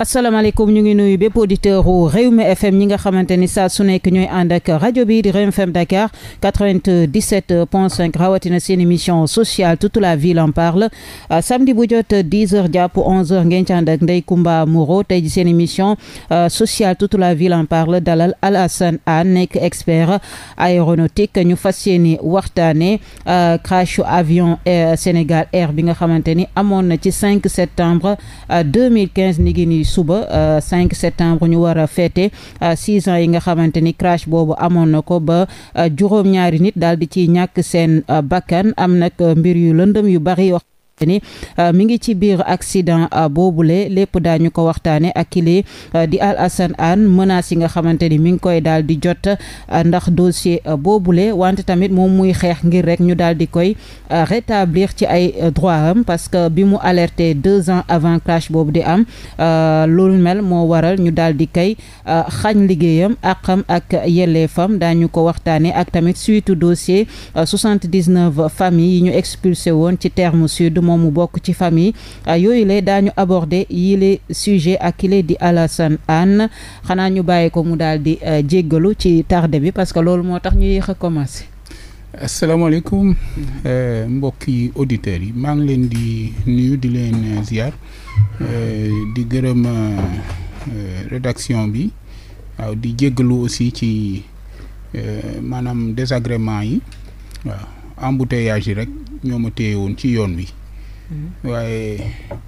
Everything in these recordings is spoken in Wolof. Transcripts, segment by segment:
asalaamaaleykum ñu ngi nuyu bépp auditeur u FM ñi nga xamante ni saa su nekk ñooy ànd ak rajo bi di Rewmi FM Dakar 97 point 5 rawatina seen émission sociale toute la ville en parle euh, samedi bu jot 10 heures jàpp 11 heures ngeen ci ànd ak Ndeye tey ji seen mission euh, sociale toute la ville en parle dalal Alassane Hann nekk expert aéronautique ñu fas yéene waxtaane euh, crash avion Sénégal Air bi nga xamante ni amoon na ci 5 septembre 2015 ni ngi nii muy suba 5 euh, septembre ñu war a fêter euh, six ans yi nga xamante ni crash boobu amoon na ko ba euh, juróom-ñaari nit daal di ci ñàkk seen bakkan am nag mbir yu lëndëm yu bari wax xamante ni euh, mi ngi ci biir accident euh, boobule lépp daañu ko waxtaane ak kile euh, di Al Hassane Hanne menaces yi nga xamante ni mi ngi koy daal di jot ndax dossier boobule wante tamit moom muy xeex ngir rek ñu daal di koy rétablir ci ay droit am parce que bi mu alerte deux ans avant crash boobu di am loolu mel moo waral ñu daal di koy xañ liggéeyam àqam ak yelleefam daañu ko waxtaane ak tamit suite dossier soixante yi ñu expulsé woon ci terme sud moom mu bokk ci famille ah, yooyu le daañu aborder yii les sujets ak kile di Alassane Anne xanaa ñu bàyyi ko mu daal di eh, jéggalu ci tarde bi parce que loolu moo tax ñu yéex a commencé. asalaamaaleykum eh, mbokki auditeurs yi maa ngi leen di nuyu di leen ziar eh, di gërëm rédaction bi waaw di jéggalu aussi ci maanaam désagrément yi waaw embouteillage yi rek ñoo ma téye woon ci yoon wi. Mm-hmm. waaye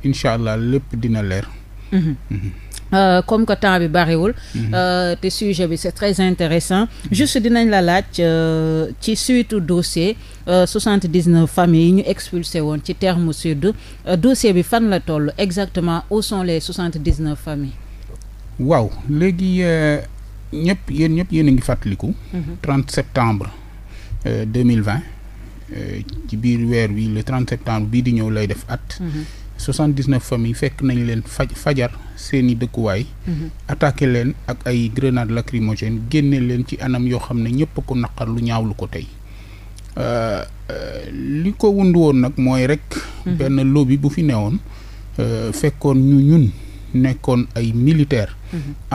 incha allah lépp dina leer. Mm-hmm. Mm-hmm. Euh, comme que temps bi bariwul. Euh, te sujet bi c'est très intéressant juste dinañ la laaj euh, ci suite dossier soixante dix neuf familles yi ñu expulsé woon ci terme sud dossier bi fan la toll exactement où sont les soixante dix neuf familles. waaw léegi ñëpp yéen ñëpp yéen a ngi fàttaliku. 30 septembre 2020 Euh, ci biir weer wii le 30 septembre bii di ñëw lay def at. 79 mhm. familles fekk nañ leen faj fajar seeni dëkkuwaay. Mhm. attaqué leen ak ay grenades lacrymogènes génne leen ci anam yoo xam ne ñëpp ko naqar lu ñaaw lu ko tey. Euh, euh, li ko wund woon nag mooy rek. Mhm. benn lobby bu fi newoon. fekkoon ñu ñun nekkoon ay militaires.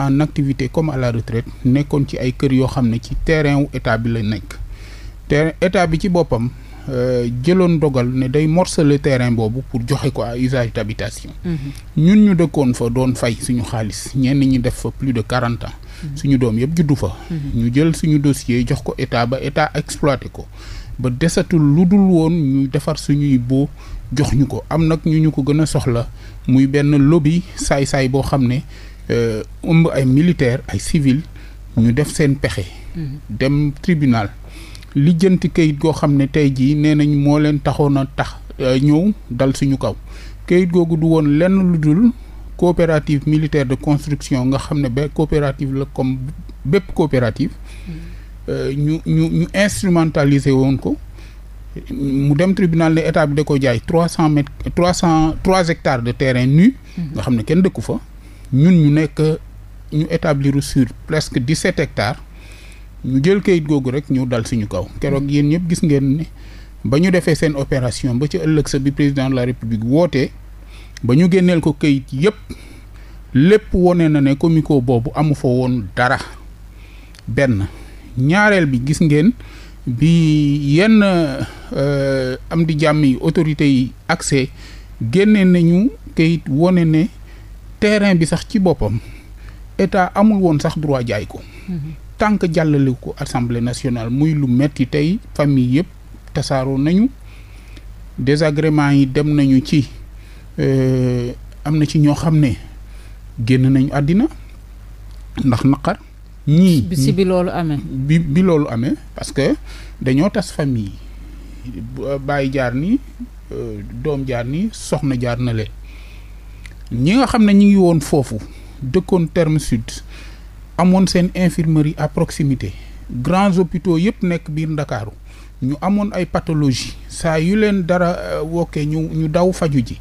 en activité comme à la retraite nekkoon ci ay kër yoo xam ne ci terrain état bi la nekk. te état bi ci boppam. Euh, jëloon dogal ne day morceler terrain boobu pour joxe ko à usage d'habitation mhm. ñun ñu dëkkoon fa doon fay suñu xaalis ñenn ñi def fa plus de quarante ans mhm. suñu doom yëpp juddu fa mhm. ñu jël suñu dossier jox ko état ba état exploité ko ba desatul lu dul woon ñu defar suñuy boo jox ñu ko am nag ñu ñu ko gën a soxla muy benn lobby saay-saay boo xam ne euh, ëmb ay militaire ay civil ñu def seen pexe dem tribunal lijjanti kayit goo xam ne tey jii nee nañ moo leen taxoon a tax euh, ñëw dal suñu kaw kayit googu du woon lenn lu dul coopérative militaire de construction nga xam ne ba coopérative la comme bépp coopérative mm. euh, ñu ñu ñu instrumentaliser woon ko mu dem tribunal ne état bi da ko jaay trois cent mètres trois cent trois hectares de terrain nu mm-hmm. nga xam ne kenn dëkku fa ñun ñu nekk ñu établir sur presque dix sept hectares ñu jël kayit googu rek ñu dal suñu kaw keroog yéen ñëpp gis ngeen ne ba ñu defee seen opération ba ci ëllëg sa bi président de la république woote ba ñu génneel ko këyit yëpp lépp wone na ne comico boobu amu fa woon dara benn ñaareel bi gis ngeen bi yenn euh, am di jàmm yi autorités yi accès génnee nañu këyit wone ne terrain bi sax ci boppam état amul woon sax droit jaay ko. Mm-hmm. tant que jàllale ko assemblée nationale muy lu metti tey famille yëpp tasaaroo nañu désagrément yi dem nañu ci euh, am na ci ñoo xam ne génn nañu àddina ndax naqar ñii si bi loolu amee bi loolu amee parce que dañoo tas famille bàyyi euh, jaar ni euh, doom jaar ni soxna jaar na leen ñi nga xam ne ñi ngi woon foofu dëkkoon terme sud amoon seen infirmerie à proximité grands hôpitaux yëpp nekk biir ndakaaru ñu amoon ay pathologie saa yu leen dara euh, wokkee ñu ñu daw faju ji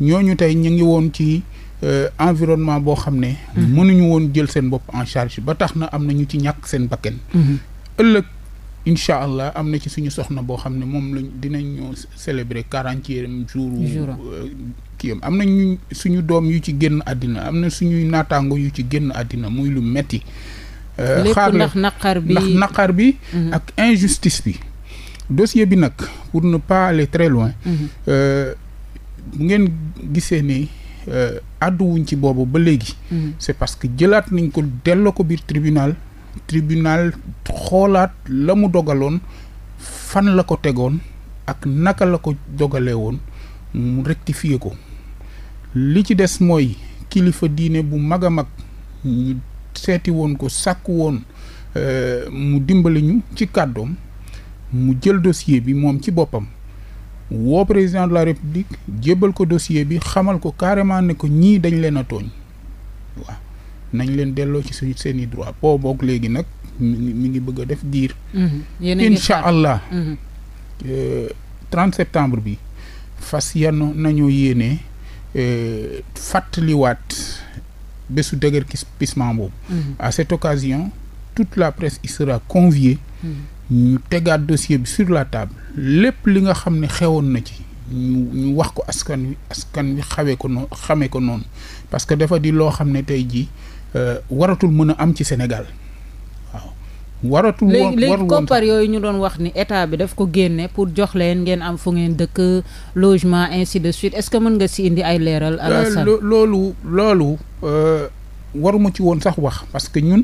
ñoo ñu tey ñu ngi woon ci euh, environnement boo xam ne mhm. mënuñu woon jël seen bopp en charge ba tax na am na ñu ci ñàkk seen bakken mhm. ëllëg incha allah am na ci suñu soxna boo xam ne moom lañ dinañu célébrer quarantième jour. Euh, kii am am na ñu suñu doom yu ci génn àddina am na suñuy naataango yu ci génn àddina muy lu metti euh, xaar ndax naqar bi bi. Mhm. ak injustice bi. dossier bi nag pour ne pas aller très loin. Mhm. Euh, bu ngeen gisee ne àdduwuñ ci boobu ba léegi. Mhm. c'est parce que jëlaat nañ ko delloo ko biir tribunal. tribunal xoolaat la mu dogaloon fan la ko tegoon ak naka la ko dogalee woon mu rectifier ko li ci des mooy kilifa diine bu mag a mag ñu seeti woon ko sàkku woon euh, mu dimbali ñu ci kàddoom mu jël dossier bi moom ci boppam woo président de la république jébbal ko dossier bi xamal ko carrément ne ko ñii dañ leen a tooñ waaw nañ leen delloo ci suñu seeni i droit boo boog léegi nag mi ngi bëgg a def diir. Mhm. incha allah. 30 mhm. euh, septembre bi fas yanu nañoo yéene euh, fàttaliwaat bésu dëgër kis pisement boobu. Mhm. à cette occasion toute la presse y sera conviée. ñu tegaat dossier bi sur la table lépp li nga xam ne xewoon na ci. ñu wax ko askan wi askan wi xawee ko noonu xamee noonu parce que dafa di loo xam ne tey jii. Euh, waratul mën a am ci Sénégal waaw. waratul woon léegi koppar yooyu ñu doon wax ni état bi daf ko génne pour jox leen ngeen am fu ngeen dëkk logement ainsi de suite est-ce que mën nga si indi ay leeral. Euh, Alassane loolu loolu euh, waruma ci woon sax wax parce que ñun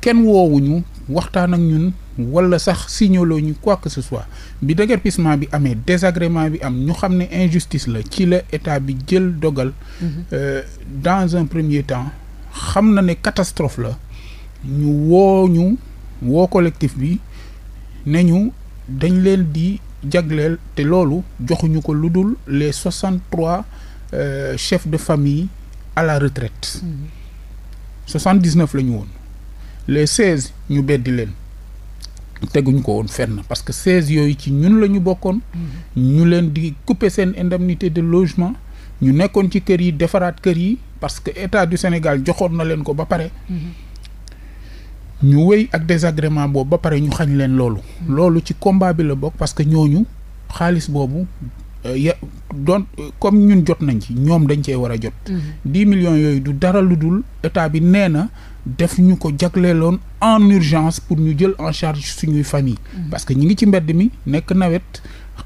kenn woowuñu waxtaan ak ñun. wala sax signaloo ñu quoi que ce soit bi déguerpissement bi amee désagrément bi am ñu xam ne injustice la ci la état bi jël dogal. Mhm. dans un premier temps xam na ne catastrophe la ñu woo ñu woo collectif bi ne ñu dañ leen di jagleel te loolu joxuñu ko lu dul les soixante trois euh, chef de famille à la retraite mm-hmm. soixante dix neuf la ñu woon les seize ñu beddi leen teguñ ko woon fenn parce que seize yooyu ci ñun la ñu bokkoon mm-hmm. ñu leen di couper seen indemnité de logement ñu nekkoon ci kër yi defaraat kër yi parce que état du Sénégal joxoon na leen ko ba pare. Mm-hmm. ñu wéy ak désagrément boobu ba pare ñu xañ leen loolu. Mm-hmm. loolu ci combat bi la bokk parce que ñooñu xaalis boobu euh, ya doon euh, comme ñun jot nañ ci ñoom dañ cee war a jot. 10 mm-hmm. millions yooyu du dara lu dul état bi nee na def ñu ko jagleeloon en urgence pour ñu jël en charge suñuy famille. parce que ñi ngi ci mbedd mi nekk nawet.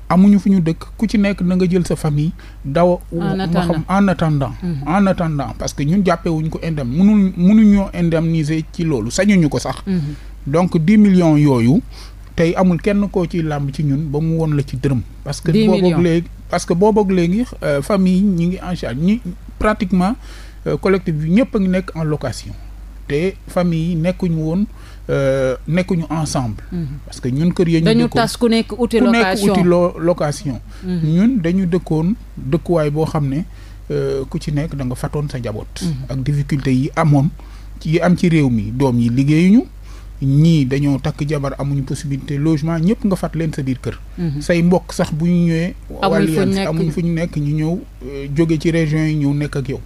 amuñu fu ñu dëkk ku ci nekk na nga jël sa famille daw ma xam en attendant mhm. en attendant parce que ñun jàppewuñ ko indemne mënul mënuñoo indemniser ci loolu sañuñu ko sax mhm. donc dix millions yooyu tey amul kenn koo ci làmb ci ñun ba mu woon la ci dërëm parce que booboog léegi parce que booboog léegi euh, famille ñi ngi en charge ñi pratiquement euh, collectif bi ñëpp a ngi nekk en location te famille yi nekkuñu woon Euh, nekkuñu ensemble. Mhm. parce que ñun kër ya ñu. dañu tas ku nekk uti location ku location. Mhm. ñun dañu dëkkoon dëkkuwaay boo xam ne euh, ku ci nekk da fatoon sa njaboot. Mhm. ak difficulté yi amoon yi am ci réew mi doom yi liggéeyuñu. ñii dañoo takk jabar amuñu possibilité logement ñëpp nga fat leen sa biir kër. say mbokk sax bu ñu ñëwee. wàllu amuñ fu ñu nekk ñu ñëw euh, jóge ci région yi ñëw nekk ak yow.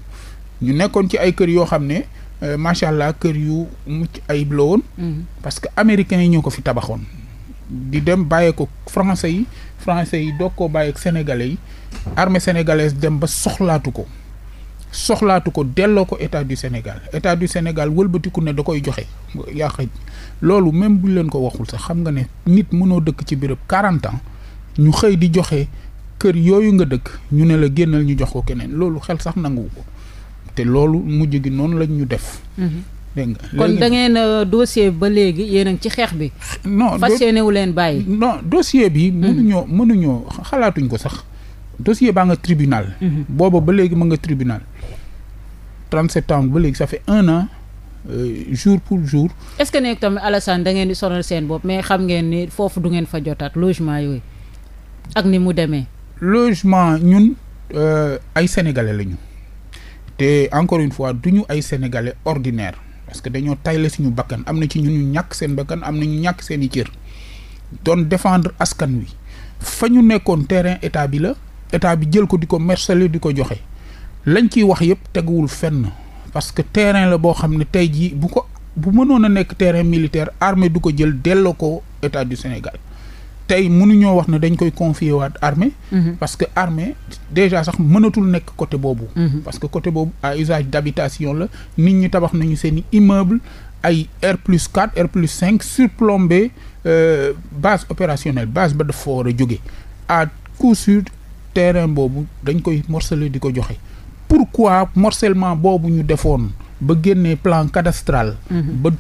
ñu nekkoon ci ay kër yoo xam ne. Euh, macha allah kër yu mucc ay la woon. Mhm. parce que américains yi ñoo ko fi tabaxoon. di dem bàyyee ko français yi français yi doog ko bàyyeek sénégalais yi armée sénégalaise dem ba soxlaatu ko soxlaatu ko delloo ko état du Sénégal état du Sénégal walbatiku ne da koy joxe loolu même buñ leen ko waxul sax xam nga ne nit mënoo dëkk ci béréb quarante ans ñu xëy di joxe kër yooyu nga dëkk ñu ne la génnal ñu jox ko keneen loolu xel sax nanguwu ko. loolu mu gi noonu lañ ñu def. Mhm. dégg nga kon da ngeen dossier ba léegi yéen a ngi ci xeex bi. non fas seenewu leen bàyyi. non dossier bi. Mhm. mënuñoo mënuñoo xalaatuñ ko sax. dossier baa nga tribunal. Mhm. booba ba léegi mën nga tribunal. 30 septembre ba léegi ça fait un an euh, jour pour jour. est-ce que nekk tamit Alassane da ngeen di sonal seen bopp mais xam ngeen ni foofu du ngeen fa jotaat logement yooyu ak ni mu demee. logement ñun euh, ay sénégalais lañu. te encore une fois du ñu ay sénégalais ordinaire parce que dañoo tayle suñu bakkan am na ci ñun ñu ñàkk seen bakkan am na ñu ñàkk seen i cër doon défendre askan wi fa ñu nekkoon terrain état bi la état bi jël ko di ko mercelé di ko joxe lañ ciy wax yëpp teguwul fenn parce que terrain la boo xam ne tey jii bu ko bu mënoon a nekk terrain militaire armée du ko jël delloo ko état du Sénégal. tey mënuñoo wax ne dañ koy confier waat armée mhm. parce que armée déjà sax mënatul nekk côté boobu mhm. parce que côté boobu à usage d'habitation la nit ñi tabax nañu seeni immeuble ay R plus 4 R plus 5 surplombé euh, base opérationnelle base ba dafa war a jóge à coup sûr terrain boobu dañ koy morceler di ko joxe pourquoi morcellement boobu ñu defoon ba génnee plan cadastral mhm. ba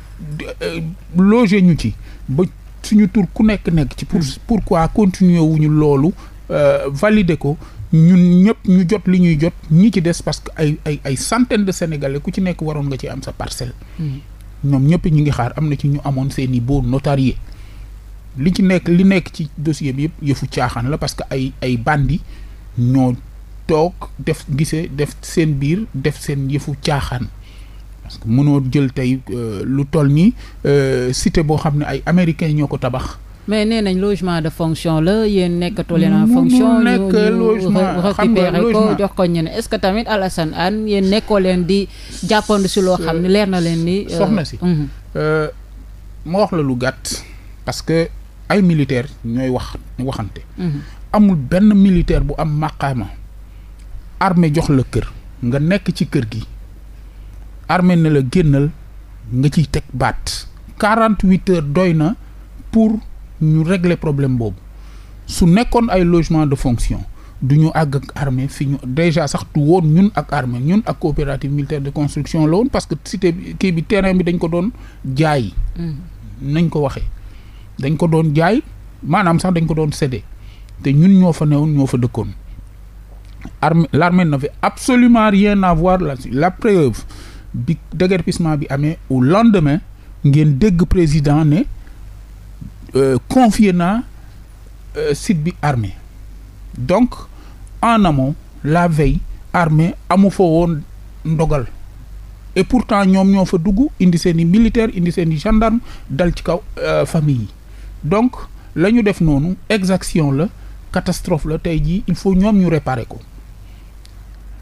euh, loger ñu ci ba suñu tur ku nekk nekk ci pour hmm. pourquoi continuer wuñu loolu euh, valider ko ñun ñëpp ñu jot li ñuy jot ñi ci des parce que ay ay ay centaine de sénégalais ku ci nekk waroon nga ci am sa parcelle. Hmm. ñoom ñëpp ñu ngi xaar am na ci ñu amoon seeni i boo notarié li ci nekk li nekk ci dossier bi yëpp yëfu caaxaan la parce que ay ay bandi ñoo toog def gisee def seen biir def seen yëfu caaxaan. parce mënoo jël tey euh, lu toll nii euh, cité boo xam ne ay américains ñoo ko tabax. mais nee nañ logement de fonction la yéen nekkatoo leen fonction nekk logement jox ko ñeneen est ce que tamit Alassane Anne yéen nekkoo leen di jàppandu si loo xam ne leer na leen ni euh, soxna si mhm. ma wax la lu gàtt parce que ay militaire ñooy wax waxante mhm. amul benn militaire bu am màqaama armée jox la kër nga nekk ci kër gi armée ne la génnal nga ciy teg baat quarante huit heures doy na pour ñu régler problème boobu su nekkoon ay logement de fonction du ñu àgg ak armée fi ñu déjà sax tu woon ñun ak armée ñun ak coopérative militaire de construction la parce que cité kii bi terrain bi dañ ko doon jaay. Mm. nañ ko waxee dañ ko doon jaay maanaam sax dañ ko doon cédé te ñun ñoo fa newoon ñoo fa dëkkoon armée l'armée n'avait absolument rien à voir la preuve bi déguerpissement bi amee au lendemain ngeen dégg président ne euh, confie naa euh, site bi armée donc en amont la veille armée amu fa woon ndogal et pourtant ñoom ñoo fa dugg indi seen i militaire indi seen i gendarme dal ci kaw euh, famille yi donc la ñu def noonu exaction la catastrophe la tey jii il faut ñoom ñu réparer ko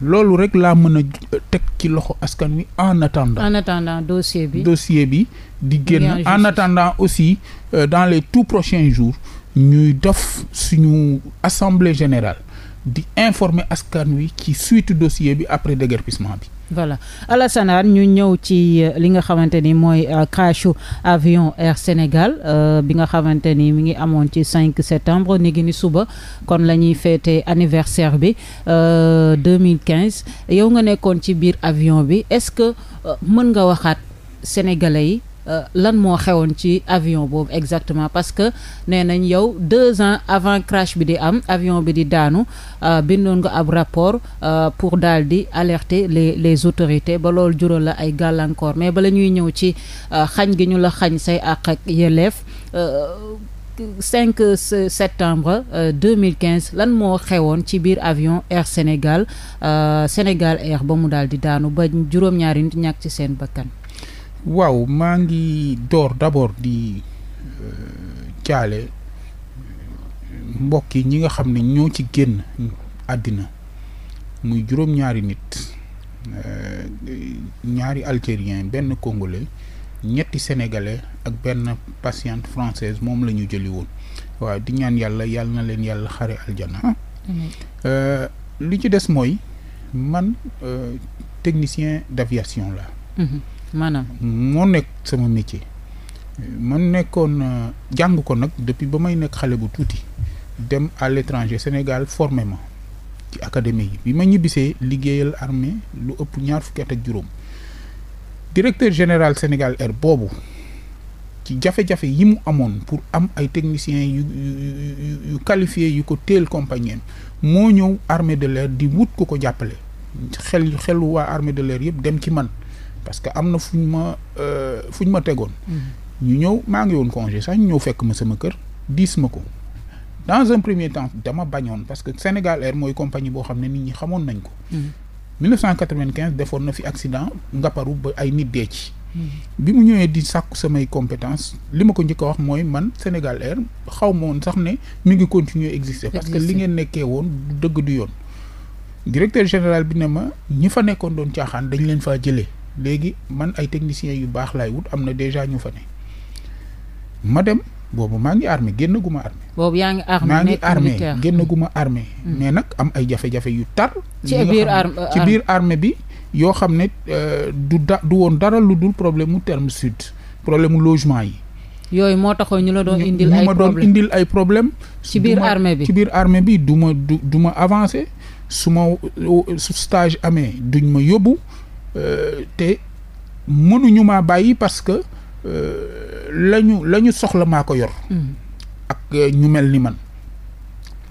loolu rek laa mën a teg ci loxo askan wi en attendant. en attendant dossier bi dossier bi di génn en attendant aussi euh, dans les tout prochains jours ñuy def suñu assemblée générale di informer askan wi ci suite dossier bi après déguerpissement bi. voilà Alassane ñu ñëw ci euh, li nga xamante ni mooy euh, crashu avion Air Sénégal euh, bi nga xamante ni mi ngi amoon ci 5 septembre ni gi ni suba kon la ñuy fêté anniversaire bi 2015 yow nga nekkoon ci biir avion bi est-ce que mën nga waxaat sénégalais yi Euh, lan moo xewoon ci avion boobu exactement parce que nee nañ yow deux ans avant crash bi di am avion bi di daanu euh, bindoon nga ab rapport euh, pour daal di alerte les les autorités ba loolu jural la ay gàllankoor mais bala ñuy ñëw ci xañ gi ñu la xañ say àq ak yelleef. 5 septembre 2015 lan moo xewoon ci biir avion Air Sénégal Sénégal Air ba mu daal di daanu ba juróom-ñaari nit ñàkk ci seen bakkan waaw maa ngi door d'abord di euh, jaale euh, mbokk yi ñi nga xam ne ñoo ci génn àddina muy juróom-ñaari nit euh, ñaari algérien benn congolais ñetti sénégalais ak benn patiente française moom la ñu jëli woon waaw di ñaan yàlla yàlla na leen yàlla xare aljana li ci des mooy man technicien d'aviation la mhm. maanaam moo nekk sama métier. man nekkoon euh, jàng ko nag depuis ba may nekk xale bu tuuti dem à l'étranger Sénégal formé ma ci académie bi ma ñibbisee liggéeyal armée lu ëpp ñaar fukki ak juróom directeur général Sénégal Air boobu ci jafe-jafe yi mu amoon pour am ay techniciens yu yu yu qualifiés yu ko téel compagnie moo ñëw armée de l'air di wut ku ko jàppale xel xelu waa armée de l'air yëpp dem ci man parce que am na fu ñu ma euh, fu ñu ma tegoon. ñu ñëw maa ngi woon congé sax ñu ñëw fekk ma sama kër diis ma ko. dans un premier temps dama bañoon parce que Sénégal Air mooy compagnie boo xam ne nit ñi xamoon nañ ko. 1995 mm-hmm. defoon na fi nga paru ba ay nit dee ci. Mm-hmm. bi mu ñëwee di sàkku samay compétence li ma ko njëkk a wax mooy man Sénégal Air xaw ma woon sax ne mi ngi continuer exister parce que li ngeen nekkee woon dëgg du yoon. directeur général bi ne ma ñi fa nekkoon doon caaxaan dañ leen faa jëlee. léegi man ay techniciens yu baax laay wut am na déjà ñu fa ne ma dem boobu maa ngi armé génnaguma gu yaa ngi armé maa ngi armé génn gu ma mais nag am ay jafe-jafe yu tar. ci biir armé euh, ci bi yoo xam ne euh, du da du woon dara lu dul problème mu terme sud problème logement yi. yooyu moo taxoon ñu la doon indil. ay problème ma doon indil ay problème ci biir armée bi ci biir armée bi du ma du du ma avancé su ma euh, su stage amee duñ ma yóbbu. Euh, te mënuñu maa bàyyi parce que euh, la ñu la ñu soxla maa ko yor. Mm. ak euh, ñu mel ni man.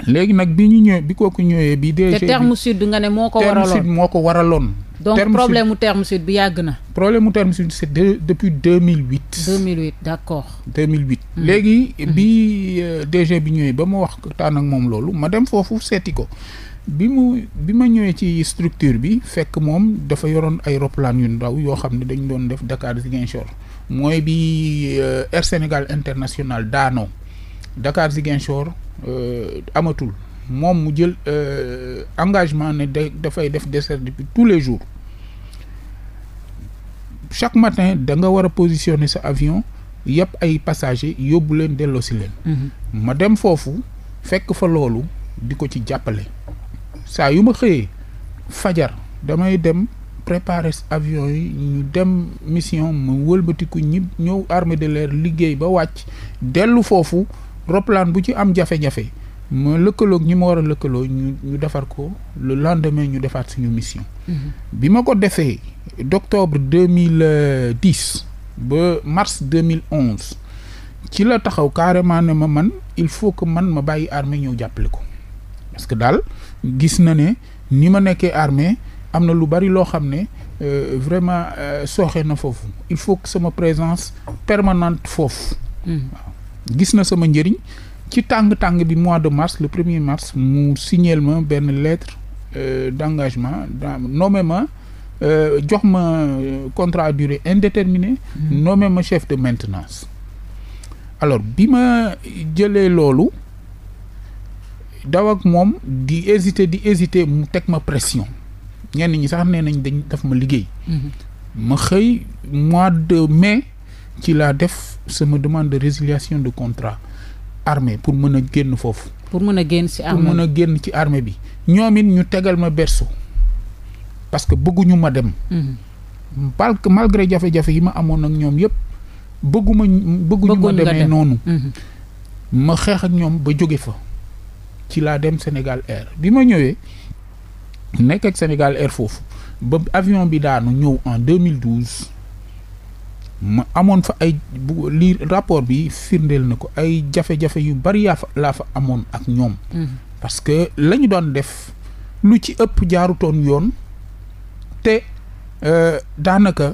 léegi nag bi ñu ñëwee bi kooku ñëwee bi. DG te terme sud nga ne moo ko waraloon moo ko waraloon. donc problème mu terme sud bi yàgg na. problème mu terme sud c'est de, depuis 2008. 2008 d'accord. 2008. Mmh. léegi mmh. bi DG bi ñëwee ba ma wax taan ak moom loolu ma dem foofu seeti ko. bi mu bi ma ñëwee ci structure bi fekk moom dafa yoroon ay roplaan yu ndaw yoo xam ne dañu doon def Dakar Ziguinchor mooy bi euh, Air Sénégal International daanoo Dakar Ziguinchor euh, amatul moom mu jël euh, engagement ne da dafay def dessert depuis tous les jours chaque matin da nga war a positionner sa avion yëpp ay passagers yóbbu leen delloosi leen. Mm-hmm. ma dem foofu fekk fa loolu di ko ci jàppale. saa yu ma xëyee fajar damay dem préparer avion yi ñu dem mission mu wëlbatiku ñib ñëw armée de l'air liggéey ba wàcc dellu foofu roplaan bu ci am jafe-jafe ma lëkkaloog ñi ma war a lëkkaloo ñu ñu defar ko le lendemain ñu defaat suñu mission. Mhm. bi ma ko defee d'octobre deux mille dix ba mars deux mille onze ci la taxaw carrément ne ma man il faut que man ma bàyyi armée ñëw jàppale ko. parce que daal gis na ne ni ma nekkee armée am na lu bari loo xam ne euh, vraiment euh, na foofu il faut que sama présence permanente foofu. Hmm. gis na sama njëriñ ci tàng-tàng bi mois de mars le premier mars mu signeel ma benn lettre euh, d'engagement dans nommé ma euh, jox ma euh, contrat à durée indéterminée. Mm. ma chef de maintenance. alors bi ma jëlee loolu. daw ak moom di hésiter di hésiter mu teg ma pression ñenn ñi sax nee nañ dañ daf ma liggéey. Mhm. ma xëy mois de mais ci laa def sama demande de résiliation de contrat armée pour mën a génn foofu. pour mën a génn ci armée mën a génn ci armée bi ñoom it ñu tegal ma berceau parce que bëgguñu ma dem. parce mhm. que malgré jafe-jafe yi ma amoon ak ñoom yëpp bëgguma bëgguñu ma demee noonu. Mhm. ma xeex ak ñoom ba jóge fa. ci laa dem Sénégal Air bi ma ñëwee nekk ak Sénégal Air foofu ba avion bi daanu ñëw en 2012 ma amoon fa ay bu li rapport bi firndeel na ko ay jafe-jafe yu bari yaa fa laa fa amoon ak ñoom. Mm-hmm. parce que la ñu doon def lu ci ëpp jaarutoon yoon te euh, daanaka.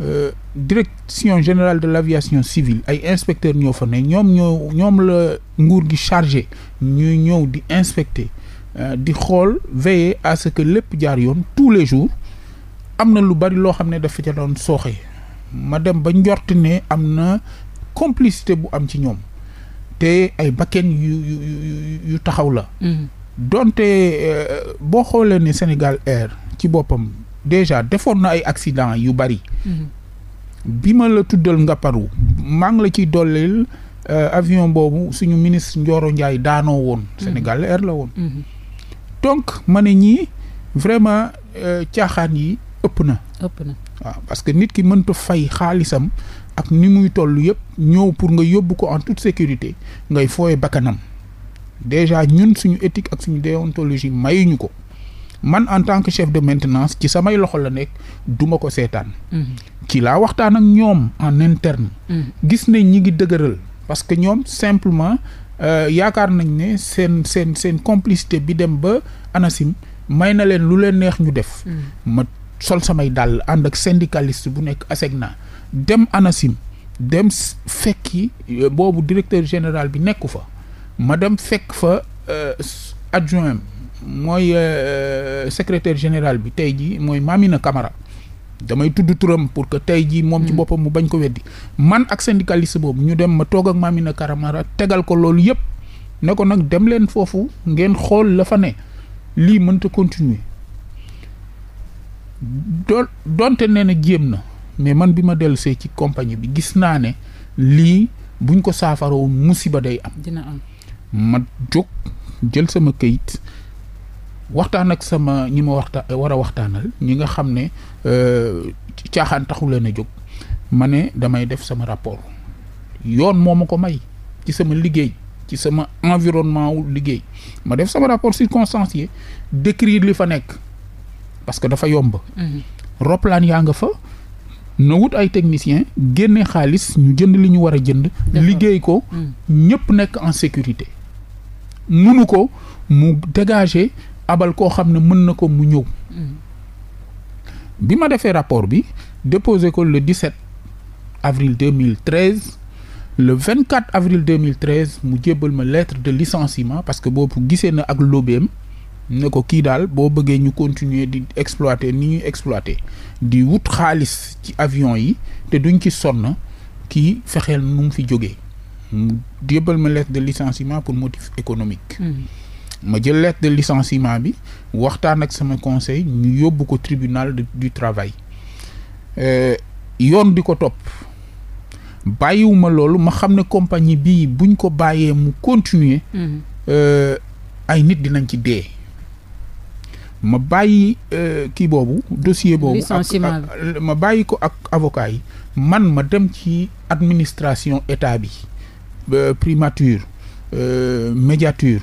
Euh, direction général de l'aviation civile ay inspecteurs ñoo fa ne ñoom ñoo ñoom la nguur gi chargé ñuy ñëw di inspecter euh, di xool veiller à ce que lépp jaar yoon tous les jours am na lu bari loo xam ne dafa ca doon sooxe ma dem ba njort ne am na complicité bu am ci ñoom te ay bakken yu yu yu yu taxaw la. Mm-hmm. donte euh, boo xoolee ne Sénégal Air ci boppam déjà defoon na ay accident yu bari. Mm-hmm. bi ma la tuddal nga paru maa ngi la ciy dolleel Euh, avion boobu suñu ministre Ndioro Ndiaye daanoo woon. Mm-hmm. Sénégal la woon. Mm-hmm. donc ma ne ñii vraiment euh, caaxaan yi ëpp na. ëpp waaw parce que nit ki mënta fay xaalisam ak ni muy toll yëpp ñëw pour nga yóbbu ko en toute sécurité ngay fooye bakkanam déjà ñun suñu étique ak suñu déontologie mayuñu ko man en tant que chef de maintenance ci samay loxo la nekk duma ko seetaan. Mm-hmm. ci laa waxtaan ak ñoom en interne. gis ne ñi ngi dëgëral. parce que ñoom simplement euh, yaakaar nañ ne seen seen seen complicité bi dem ba ANACIM may na leen lu leen neex ñu def. Mm. ma sol samay dàll ànd ak syndicaliste bu nekk ASECNA dem ANACIM dem fekki euh, boobu directeur général bi nekku fa ma dem fekk fa euh, adjoint mooy secretaire général bi tey jii mooy Mamina Camara. damay tudd turam pour que tey jii moom ci mm. boppam mu bañ ko weddi man ak syndicaliste boobu ñu dem ma toog ak Mamina Karamara tegal ko loolu yëpp ne ko nag dem leen foofu ngeen xool la fa ne lii mënta continuer donte nee na jéem na mais man bi ma dellusee ci compagnie bi gis naa ne lii buñ ko saafaroo musiba day am dina am ma jóg jël sama këyit waxtaan ak sama ñi ma waxta war a waxtaanal ñi nga xam ne euh, caaxaan taxu leen a jóg ma ne damay def sama rapport yoon moo ma ko may ci sama liggéey ci sama environnement wu liggéey ma def sama rapport circonstancié décrire li fa nekk parce que dafa yomb. Mm-hmm. roplaan yaa nga fa na ay technicien génne xaalis ñu jënd li ñu war a jënd. liggéey ko. Mm. ñëpp nekk en sécurité. munu ko mu dégager abal koo xam ne mën na ko mu ñëw bi ma defee rapport bi déposé ko le 17 avril 2013 le 24 avril 2013 mu jébbal ma lettre de licenciement parce que boobu gisee na ak lobéem ne ko kii daal boo bëggee ñu continuer di exploiter ni ñuy exploiter di wut xaalis ci avion yi te duñ ci sonn kii fexeel nu mu fi jógee mu jébbal ma lettre de licenciement pour motif économique. Hmm. ma jël lettre de licenciement bi waxtaan ak sama conseil ñu yóbbu ko tribunal de, du travail euh, yoon di ko topp bàyyiwuma loolu ma xam ne compagnie bi buñ ko bàyyee mu continuer mm ay nit dinañ ci dee ma bàyyi euh, kii boobu dossier boobu licenciement bi euh, ma bàyyi ko ak avocat yi man ma dem ci administration état bi euh, primature médiature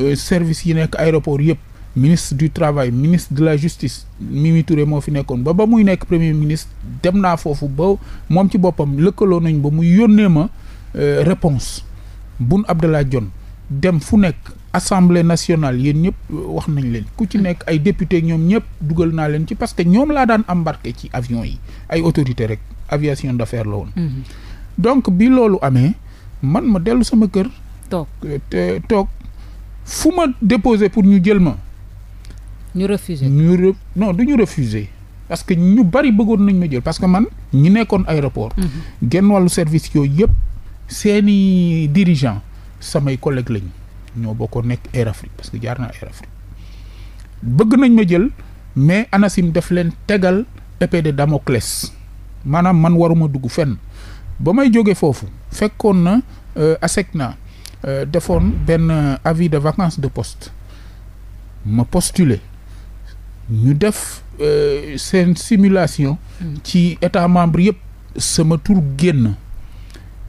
Euh, service yi nekk aéroport yëpp ministre du travail ministre de la justice Mimi moo fi nekkoon ba ba muy nekk premier ministre dem naa foofu ba moom ci boppam lëkkaloo nañ ba mu yónnee ma euh, réponse Boun Abdallah Dionne dem fu nekk assemblée nationale yéen ñëpp euh, wax nañ leen ku ci nekk ay député ñoom ñëpp dugal naa leen ci parce que ñoom laa daan am embarqué ci avion yi ay autorité rek aviation d'affaires la woon mhm. donc bi loolu amee man ma dellu sama kër toog toog fu ma déposé pour ñu jël ma. ñu refusé no du ñu refusé parce que ñu bari bëggoon nañ ma jël parce que man ñu nekkoon aéroport. Mhm. genn wàllu service yooyu yëpp seeni dirigeant samay collègues lañu ñoo bokkoon nekk Air Afrique parce que jaar naa Air Afrique bëgg nañ ma jël mais ANACIM def leen tegal épée de maanaam man waruma dugg fenn ba may jóge foofu fekkoon na euh, ASECNA Euh, defoon benn avis de vacance de poste ma postuler ñu def euh, seen simulation hmm. ci état membre yëpp sama tour génn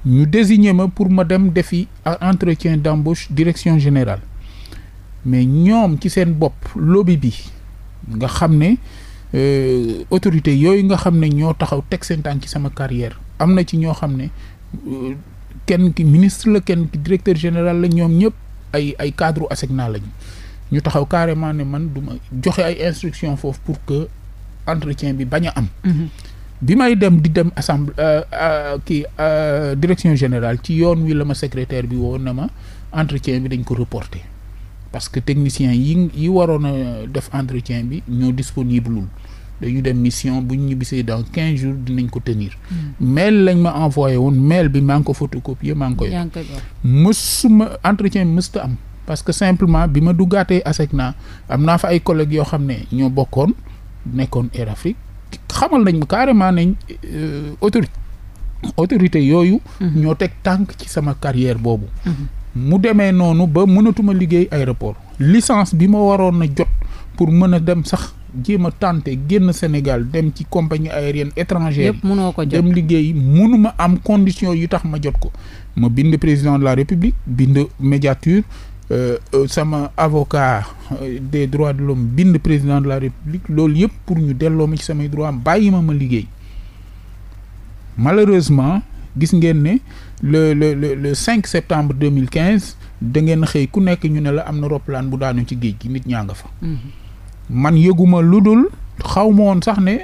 ñu désigné ma pour ma dem defi entretien d'embauche direction générale mais ñoom ci seen bopp lobby bi nga xam ne euh, autorité yooyu nga xam ne ñoo taxaw teg seen tànk ci sama carrière am na ci ñoo xam ne kenn ki ministre la kenn ki directeur général lañ ñoom ñëpp ay ay cadre ASECNA lañu ñu taxaw carrément ne man duma joxe ay instruction foofu pour que entretien bi bañ a am mhm. bi may dem di dem assemblée euh, euh, kii euh, direction général ci yoon wi la ma secrétaire bi woo na ma entretien bi dañ ko reporté parce que technicien yi yi waroon a def entretien bi ñoo disponible dañu dem mission bu ñu ñibbisee dans quinze jours dinañ ko tenir hmm. mail lañ ma envoyé woon mail bi maa ngi ko photocopier maa ngi koy mësuma entretien mësta am parce que simplement bi ma duggaatee ASECNA am naa fa ay collègues yoo xam ne ñoo bokkoon nekkoon Air Afrique xamal nañ ma carrément nañ euh, autorité autorité yooyu hmm. ñoo teg tànk ci sama carrière boobu hmm. mu demee noonu ba mënatuma liggéey aéroport licence bi ma waroon a jot pour mën a dem sax jéem a tenté génn Sénégal dem ci compagnie aérienne étrangère yëpp mënoo ko jot dem liggéey mënuma am condition yu tax ma jot ko ma bind président de la république bind médiature Euh, euh sama avocat euh, des droits de l'homme bind président de la république loolu yëpp pour ñu delloo ma ci samay droit am bàyyi ma ma liggéey malheureusement gis ngeen ni le le le le 5 septembre 2015 da ngeen xëy ku nekk ñu ne la am na roplaan bu daanu ci géej gi nit ñaa nga fa. Mm-hmm. man yëguma lu dul xaw ma woon sax ne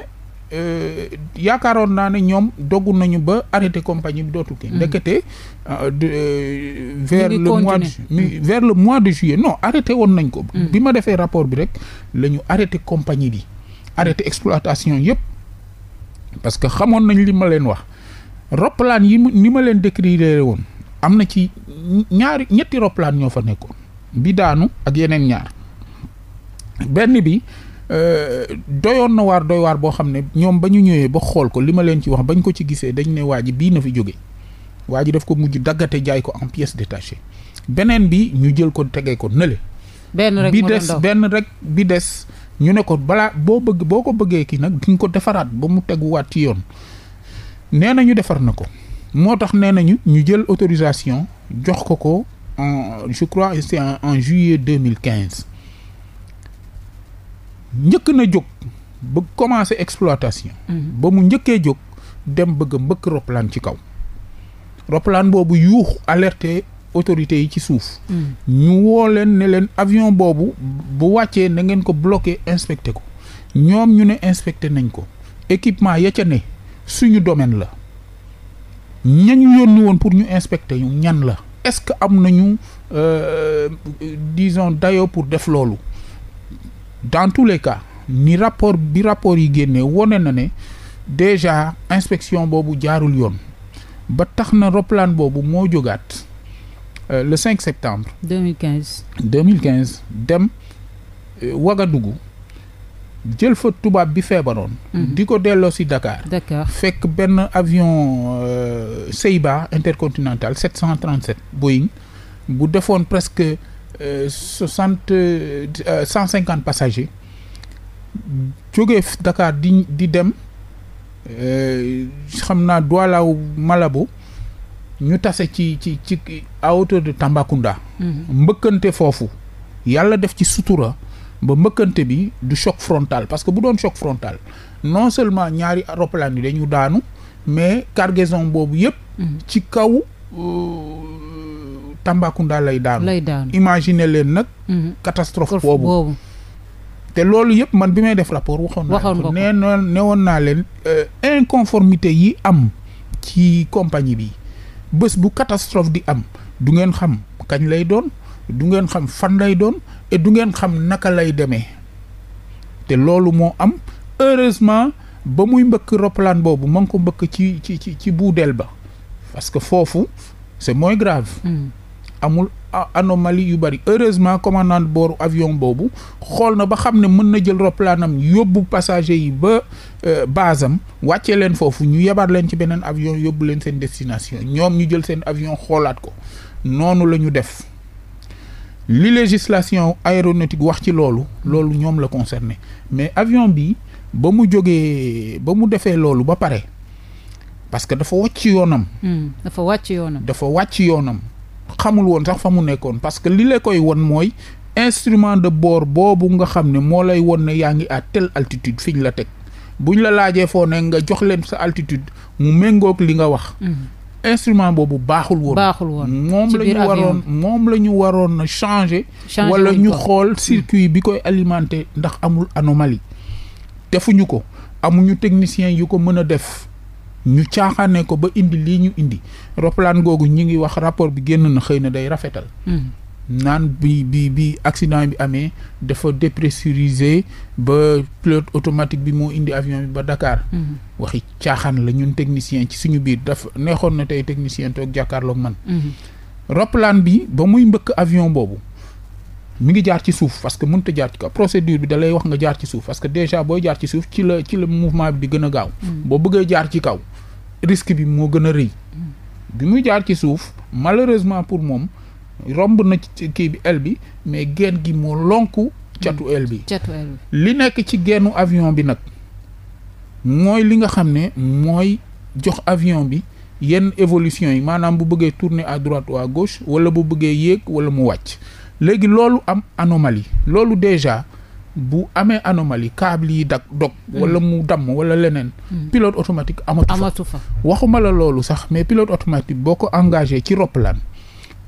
euh, yaakaaroon naa ne ñoom dogu nañu ba arrêté compagnie bi dootu kii. Hmm. ndekete euh, euh, vers le mois de hmm. vers le mois de juillet non arrêté woon nañ ko. Hmm. bi ma defee rapport bi rek la ñu arrêté compagnie bi arrêté exploitation yëpp parce que xamoon nañ li ma leen wax roppalaan yi ni ma leen décrire woon am na ci ñaari ñetti roppalaan ñoo fa nekkoon bi daanu ak yeneen ñaar. benn bi euh, doyoon na waar doy waar boo xam ne ñoom ba ñu ñëwee ba xool ko li ma leen ci wax bañ ko ci gisee dañ ne waa ji bii na fi jóge waa ji def ko mujj daggate jaay ko en pièces détachées beneen bi ñu jël ko tegee ko nële. benn rek bi des benn rek bi des ñu ne ko balaa boo bëgg boo ko bëggee kii nag di nga ko defaraat ba mu teguwaat ci yoon nee na ñu defar na ko moo tax nee nañu ñu jël autorisation jox ko ko en je crois c'est en en juillet deux mille quinze njëkk na jóg ba commencé exploitation. Mhm. ba mu njëkkee jóg dem bëgg a mbëkk roplaan ci kaw. roplaan boobu yuux alerté autorités yi ci suuf. Mhm. ñu woo leen ne leen avion boobu bu wàccee na ngeen ko bloqué inspecté ko ñoom ñu ne inspecté nañ ko équipement ya ca ne suñu domaine la ñañu yónni pour ñu inspecté ñu ñan la. est-ce que am nañu euh, disons dayoo pour def loolu. dans tous les cas ni rapport bi rapport yi génnee wone na ne déjà inspection boobu jaarul yoon ba tax na roplaan boobu moo jógaat euh, le 5 septembre. 2015 2015 dem wagadugu euh, jël fa tubaab bi feebaroon. Mm-hmm. di ko delloo si Dakar. fekk benn avion euh, Seiba intercontinental 737 Boeing bu defoon presque. Euh, soixante euh, euh, cent cinquante passagers jógee Dakar di di dem xam naa Douala Malabo ñu tase ci ci ci à hauteur de Tambacounda. Mhm. mbëkkante foofu yàlla def ci sutura ba mbëkkante bi du choc frontal parce que bu doon choc frontal non seulement ñaari roppalaan yi dañu daanu mais cargaison boobu yëpp. Mhm. ci kaw. Tambacounda lay daanu. lay daanu imaginer leen nag. Mhm. catastrophe boobu. te loolu yëpp man bi may def rapport waxoon naa nee ne woon naa leen euh, inconformité yi am ci compagnie bi bés bu catastrophe di am du ngeen xam kañ lay doon du ngeen xam fan lay doon et du ngeen xam naka lay demee te loolu moo am heureusement ba muy mbëkk roplaan boobu ma ngi ko mbëkk ci ci ci ci buudeel ba parce que foofu c'est moins grave mhm. amul anomalie yu bëri heureusement commandant booru avion boobu xool na ba xam ne mën na jël roplaanam yóbbu passager yi ba euh, base am wàccee leen foofu ñu yebaat leen ci beneen avion yóbbu leen seen destination ñoom ñu jël seen avion xoolaat ko noonu la ñu def li législation aéronautique wax ci loolu loolu ñoom la concerné mais avion bi ba mu jógee ba mu defee loolu ba pare parce que dafa wàcc yoonam. Hmm, dafa wàcc yoonam. dafa wàcc yoonam. xamul woon sax fa mu nekkoon parce que li la koy won mooy instrument de boor boobu nga xam ne moo lay won ne yaa ngi à telle altitude fiñ la teg buñ la laajee foo ne nga jox leen sa altitude mu méngoog li nga wax. Mm-hmm. instrument boobu baaxul woon. baaxul woon moom la ñu waroon na la ñu waroon changer. wala ñu xool mm-hmm. circuit bi koy alimenter ndax amul anomalie. defuñu ko amuñu technicien yu ko mën a def. ñu caaxaane ko ba indi lii ñu indi roplaan googu ñu ngi wax rapport bi génn na xëy na day rafetal hmm. naan bi bi bi accident bi amee dafa dépressuriser ba pilote automatique bi moo indi avion bi ba dakaar Mm -hmm. waxi caaxaan la ñun technicien ci suñu biir dafa neexoon na tey technicien toog jàkkaarloog man. Hmm. roplaan bi ba muy mbëkk avion boobu mi ngi jaar ci suuf parce que mënut a jaar ci kaw procédure bi dalay wax nga jaar ci suuf parce que déjà booy jaar ci suuf ci la ci la mouvement bi di gën a gaaw. Mm. boo bëggee jaar ci kaw risque bi moo gën a rëy. Mm. bi muy jaar ci suuf malheureusement pour moom romb na ci kii bi aile bi mais genn gi moo lonku. catu elle mm. bi catu aile li nekk ci gennu avion bi nag mooy li nga xam ne mooy jox avion bi. yenn évolution yi maanaam bu bëggee tourner à droite ou à gauche wala bu bëggee yéeg wala mu wàcc léegi loolu am anomali loolu déjà bu amee anomali câble yi dag dog wala mm. mu damm wala leneen mm. pilote automatique amatu fa waxuma la loolu sax mais pilote automatique boo ko engagé ci roplaan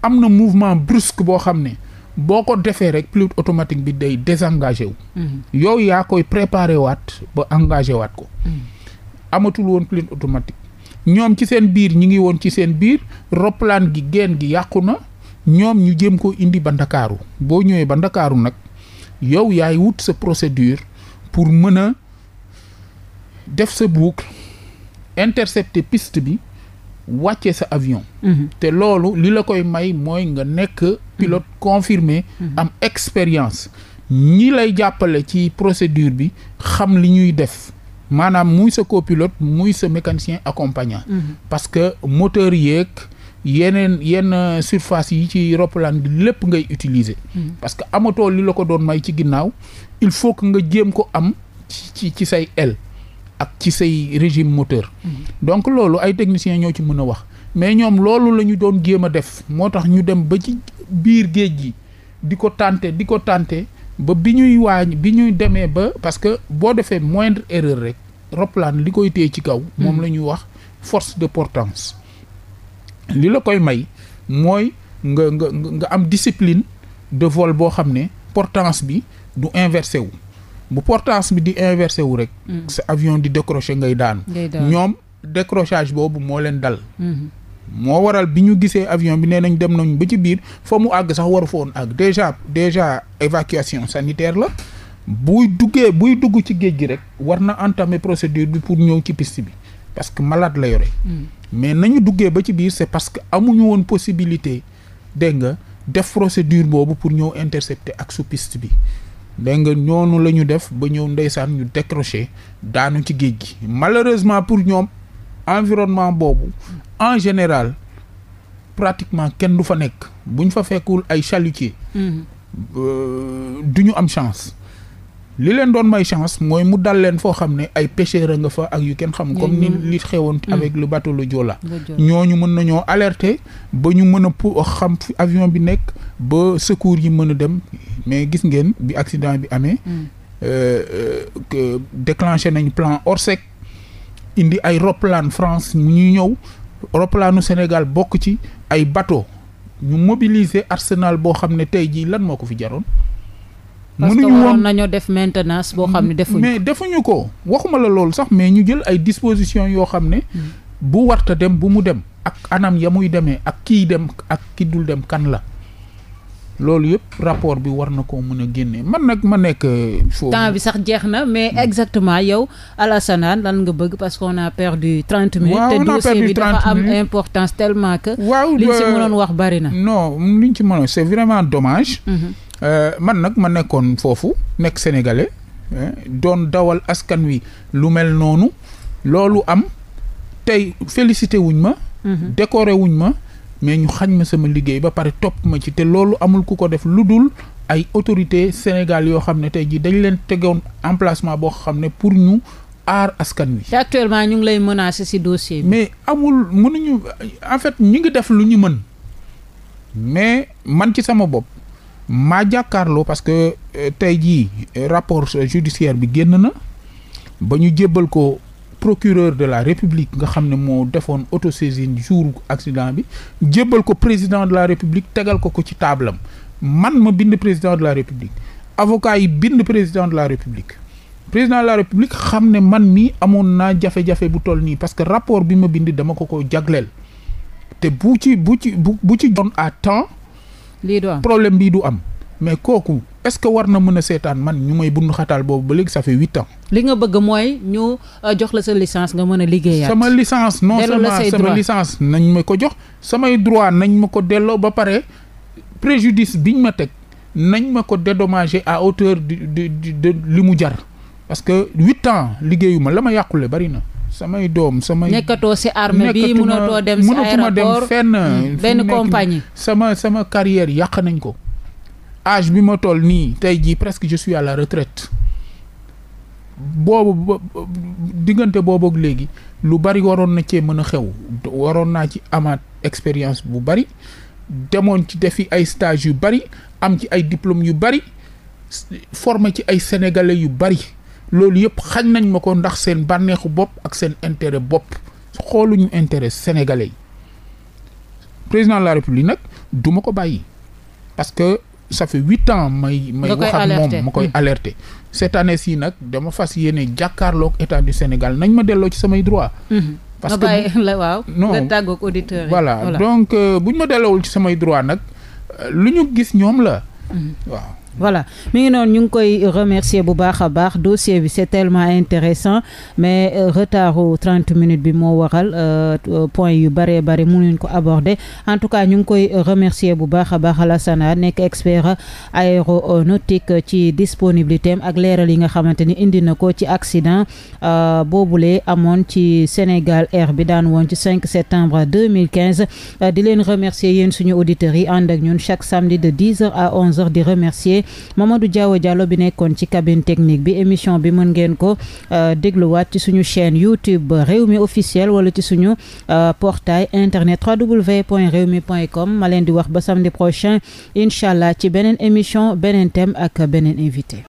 am na mouvement brusque boo xam ne boo ko defee rek pilote automatique bi day désengagé wu mm. yow yaa koy préparé waat ba engagé waat ko amatul woon pilote automatique ñoom ci seen biir ñi ngi woon ci seen biir roppalaan gi geen gi yàqu na ñoom ñu jéem koo indi ba ndakaaru boo ñëwee ba ndakaaru nag yow yaay wut sa procédure pour mën a def sa boucle intercepter piste bi wàcce sa avion mhm. te loolu li la koy may mooy nga nekk pilote mhm. confirmé mhm. am expérience ñi lay jàppale ci procédure bi xam li ñuy def maanaam muy sa copilote muy sa mécanicien accompagnant parce que moteur yeeg yeneen yenn euh, surface yi ci roppalaan bi lépp ngay utiliser. Hmm. parce que amatoo li la ko doon may ci ginnaaw il faut que nga jéem ko am ci ci say aile ak ci say régime moteur. Hmm. donc loolu ay techniciens ñoo ci mën a wax mais ñoom loolu la ñu doon jéem a def moo tax ñu dem ba ci biir géej gi di ko tenter di ko tante ba bi ñuy waañ bi ñuy demee ba parce que boo defee moindre erreur rek roppalaan li koy téye ci kaw. moom hmm. la ñuy wax force de portance. li la koy may mooy nga nga nga am discipline de vol boo xam ne portance bi du inversé wu bu portance bi di inversé wu rek. Mm. sa avion di décroché ngay daan ñoom décrochage boobu moo leen dal. Mm-hmm. moo waral bi ñu gisee avion bi nee nañ dem nañ ba ci biir fa mu àgg sax waru foon woon àgg déjà déjà évacuation sanitaire la buy duggee buy dugg ci géej gi rek war na entamer procédure bi pour ñëw ci piste bi. parce que malade la yore. Mm. mais nañu duggee ba ci biir c'est parce que amuñu woon possibilité dégg nga def procédure boobu pour ñëw intercepter ak soupiste bi. dégg nga ñoonu la ñu def ba ñëw ndeysaan ñu décroché daanu ci géej gi malheureusement pour ñoom environnement boobu en général pratiquement kenn du fa nekk bu fa fekkul ay chalutiers. Mm. Euh, du ñu am chance. li leen doon may chance mooy mu dal leen foo xam ne ay pêcheurs nga fa ak yu kenn xam comme ni mm. li xewoon mm. avec le bateau le ñoo ñu mën nañoo alerter ba ñu mën a xam fi avion bi nekk ba secours yi mën a dem mais gis ngeen bi accident bi amee mm. euh, déclenché nañ plan Orsec indi ay roplaan France ñu ñëw roplaanu Sénégal bokk ci ay bateau ñu mobiliser arsenal boo xam ne tey jii lan moo ko fi jaroon mënuñu woon nañoo def maintenance boo xam ne defuñu mais defuñu ko waxuma la loolu sax mais ñu jël ay dispositions yoo xam ne hmm. bu warta dem bu mu dem ak anam ya muy demee ak kiy dem ak ki dul dem kan la loolu yëpp rapport bi war na koo mën a génne man nag ma nekk. Euh, foofu temps bi sax jeex na mais hmm. exactement yow Alassane ah, lan nga bëgg parce qu'on a perdu trente minutes. waaw te dossier bi dafa am importance tellement que. waaw liñ ci wax bari na. non liñ ci mënoon c'est vraiment dommage. mm Euh, man nag ma nekkoon foofu nekk sénégalais doon dawal askan wi lu mel noonu loolu am tey félicité wuñ ma. Mhm. décoré wuñ ma mais ñu xañ ma sama liggéey ba pare topp ma ci te loolu amul ku ko def lu dul ay autorité Sénégal yoo xam ne tey jii dañ leen tegoon emplacement boo xam ne pour ñu. aar askan wi. actuellement ñu ngi lay menacer ci dossier bi. mais amul mënuñu en fait ñu ngi def lu ñu mën mais man ci sama bopp maa jàkkaarloo parce que euh, tey jii euh, rapport judiciaire bi génn na ba ñu jébbal ko procureur de la république nga xam ne moo defoon autosaisine jour accident bi jébbal ko président de la république tegal ko ko ci taabalam man ma bind président de la république avocat yi bind président de la république président de la république xam ne man mii amoon naa jafe-jafe bu toll nii parce que rapport bi ma bind dama ko ko jagleel te bu ci bu ci bu ci doon à temps lii du problème bii du am mais kooku est-ce que war na mën a seetaan man ñu may bundu xataal boobu ba léegi ça fait huit ans. li nga bëgg mooy ñu euh, jox la sa licence nga mën a liggéeyaat. sama licence non seulement sama licence nañ ma ko jox samay droit nañ ma ko delloo ba pare préjudice biñ ma teg nañ ma ko dédommager à hauteur de de de li mu jar parce que huit ans liggéeyuma la ma yàqule bari na. samay doom samay. nekkatoo si armée bi mënatoo dem si aéroport fenn. benn compagnie sama sama carrière yàq nañ ko. âge bi ma toll nii tey jii presque je suis à la retraite boobu diggante boobu léegi lu bari waroon na cee mën a xew waroon naa ci amaat expérience bu bari demoon ci defi ay stage yu bari am ci ay diplôme yu bari formé ci ay sénégalais yu bari. loolu yëpp xañ nañ ma ko ndax seen bànneexu bopp ak seen intérêt bopp xooluñu intérêt sénégalais yi président de la république nag du ma ko bàyyi parce que ça fait huit ans may may wax moom ma koy mm. alerter cette année ci nag dama fas yéene jàkkaarlook état du Sénégal nañ ma delloo ci samay droit mm-hmm. parce que la waaw non voilà donc euh, bu ñu ma delloowul ci samay droit nag euh, lu ñu gis ñoom la mm-hmm. waaw voilà mi ngi noonu ñu ngi koy remercier bu baax a baax dossier bi c'est tellement intéressant mais euh, retard u 30 minutes bi moo waral euh, euh, point yu bëree bëri mënuñ ko aborder en tout cas ñu ngi koy remercier bu baax a baax Alassane nekk expert aéronautique ci disponibilité am ak leeral yi nga xamante ni indi na ko ci accident boobu boobulee amoon ci Sénégal Air bi daan woon ci 5 septembre 2015 di leen remercier yéen suñu auditeurs yi ànd ak ñun chaque samedi de 10 heures à 11 heures di remercier invité Mamadou Diaw Diallo bi nekkoon ci cabin technique bi émission bi mën ngeen ko euh, dégluwaat ci suñu chaîne YouTube mi officiel wala ci suñu euh, portail internet www.rewmi.com ma leen di wax ba samedi prochain incha allah ci beneen émission beneen thème ak beneen invité.